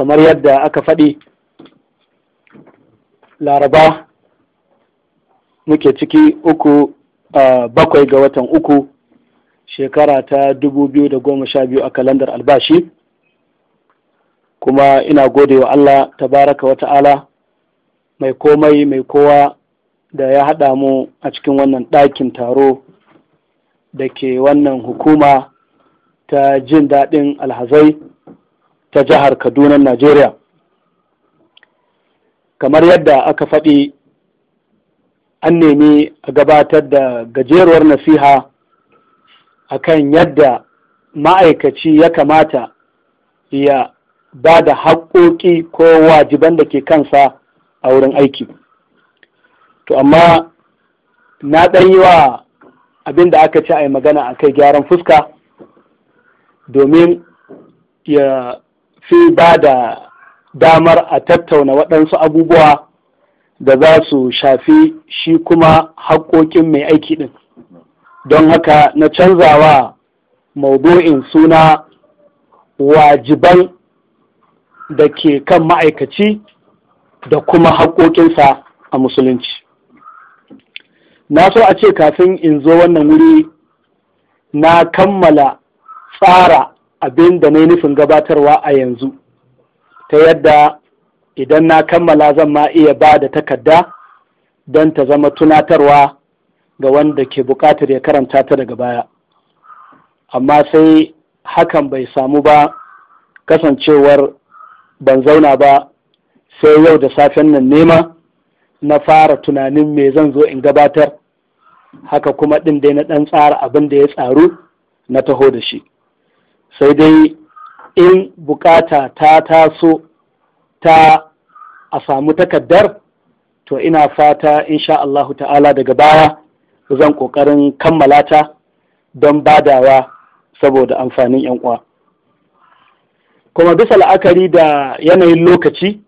kamar yadda aka faɗi laraba muke ciki uku bakwai ga watan uku shekara ta dubu biyu da goma sha biyu a kalandar albashi kuma ina gode wa Allah tabaraka wa ta'ala mai komai mai kowa da ya haɗa mu a cikin wannan ɗakin taro da ke wannan hukuma ta jin daɗin alhazai ta jihar kaduna najeriya kamar yadda aka faɗi an nemi a gabatar da gajeruwar nasiha akan yadda ma'aikaci ya kamata ya ba da haƙoƙi ko wajiban da ke kansa a wurin aiki to amma na ɗan yi wa abin da aka ci a yi magana a kai gyaran fuska domin ya sai ba da damar a tattauna waɗansu abubuwa da za su shafi shi kuma haƙoƙin mai aiki ɗin don haka na canzawa maudu'in suna wajiban da ke kan ma'aikaci da kuma haƙoƙinsa a musulunci na so a ce kafin in zo wannan wuri na kammala tsara abin da na yi nufin gabatarwa a yanzu ta yadda idan na kammala zan ma iya ba da takarda don ta zama tunatarwa ga wanda ke buƙatar ya karanta ta daga baya amma sai hakan bai samu ba kasancewar ban zauna ba sai yau da safen nan nema na fara tunanin me zan zo in gabatar haka kuma ɗin dai na ɗan tsara abin da ya tsaru na taho da shi sai dai in bukata ta taso ta a samu takaddar to ina fata in sha Allahu ta'ala daga baya zan ƙoƙarin kammala ta don badawa saboda amfanin 'yan uwa. kuma bisa la'akari da yanayin lokaci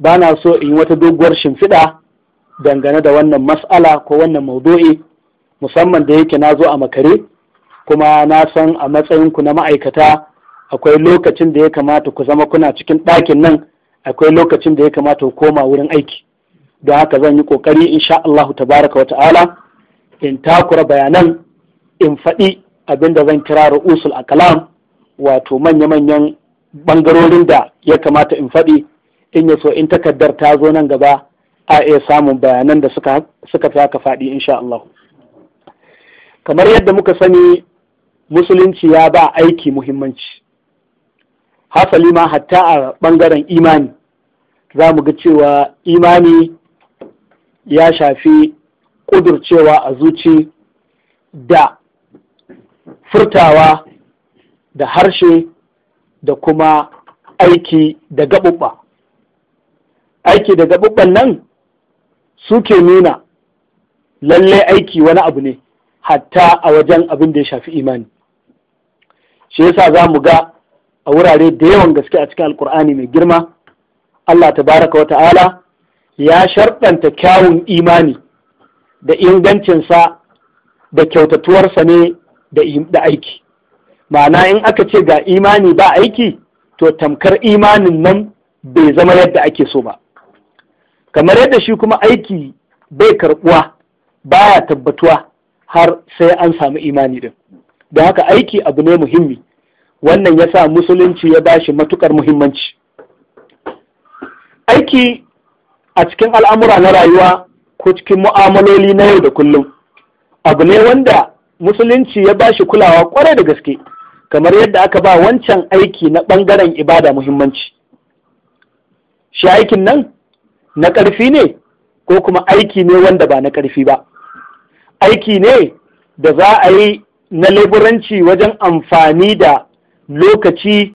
ba na so in yi wata doguwar shimfiɗa dangane da wannan mas'ala ko wannan maudu'i musamman da yake na zo a makare kuma na san a matsayinku na ma'aikata akwai lokacin da ya kamata ku zama kuna cikin ɗakin nan akwai lokacin da ya kamata ku koma wurin aiki don haka zan yi ƙoƙari insha Allahu tabaraka wa ta'ala in takura bayanan in faɗi abinda zan kira Ra'usul a kalam, wato manya-manyan ɓangarorin da ya kamata in faɗi in ya so in takardar ta zo nan gaba a iya samun bayanan da suka fi haka faɗi insha Allah. Kamar yadda muka sani musulunci ya ba aiki muhimmanci hasali ma hatta a ɓangaren imani za mu ga cewa imani ya shafi ƙudurcewa a zuci da furtawa da harshe da kuma aiki da gaɓuɓɓa aiki da gaɓuɓɓan nan suke nuna lallai aiki wani abu ne hatta a wajen abin da ya shafi imani shi yasa za mu ga a wurare da yawan gaske a cikin alkur'ani mai girma allah Ta baraka wa ta'ala ya sharɗanta kyawun imani da ingancinsa da kyautatuwarsa ne da aiki ma'ana in aka ce ga imani ba aiki to tamkar imanin nan bai zama yadda ake so ba kamar yadda shi kuma aiki bai karɓuwa baya tabbatuwa har sai an samu imani din da haka aiki abu ne muhimmi wannan ya sa musulunci ya ba shi matukar muhimmanci aiki a cikin al'amura na rayuwa ko cikin mu'amaloli na yau da kullum abu ne wanda musulunci ya ba shi kulawa kwarai da gaske kamar yadda aka ba wancan aiki na ɓangaren ibada muhimmanci shi aikin nan na ƙarfi ne ko kuma aiki ne wanda ba na ƙarfi ba aiki ne da za a yi na leburanci wajen amfani da lokaci